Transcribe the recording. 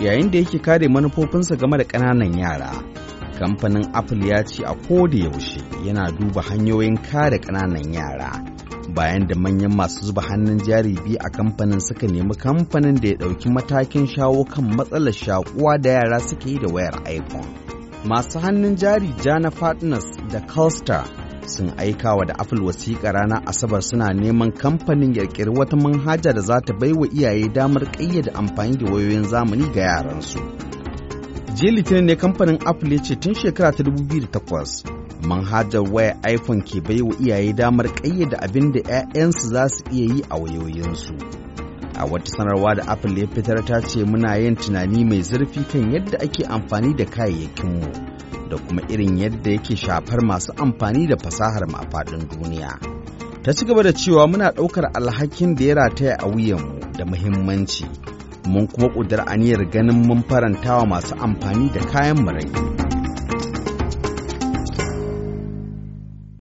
yayin da yake kare manufofinsa game da ƙananan yara kamfanin apple ya ce a koda yaushe yana duba hanyoyin kare ƙananan yara bayan da manyan masu zuba hannun jari biyu a kamfanin suka nemi kamfanin da ya ɗauki matakin shawo kan matsalar shakuwa da yara suke yi da wayar iphone masu hannun jari jana fatness da Calstar sun aika wa da Apple wasiƙa rana Asabar suna neman kamfanin ƙirƙiri wata manhaja da za ta bai wa iyaye damar ƙayyade amfani da wayoyin zamani ga yaransu. Jiya Litinin ne kamfanin Apple ya ce tun shekara ta 2008 manhajar wayar iPhone ke bai wa iyaye damar ƙayyade abin da 'ya'yansu za su iya yi a wayoyinsu. a wata sanarwa da apple ya fitar ta ce muna yin tunani mai zurfi kan yadda ake amfani da kayayyakinmu da kuma irin yadda yake shafar masu amfani da fasahar mu faɗin duniya. Ta ci gaba da cewa muna ɗaukar alhakin da ya rataya a wuyanmu da muhimmanci, mun kuma ƙudur aniyar ganin mun farantawa masu amfani da kayan mu